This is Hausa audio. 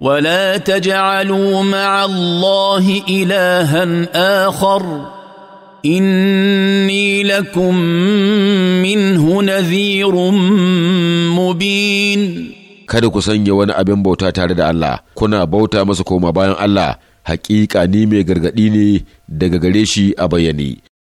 ولا تجعلوا مع الله الها اخر اني لكم منه نذير مبين kada ku sanya wani abin bauta tare da Allah kuna bauta masa koma bayan Allah hakika ni mai gargadi ne daga gare shi a bayani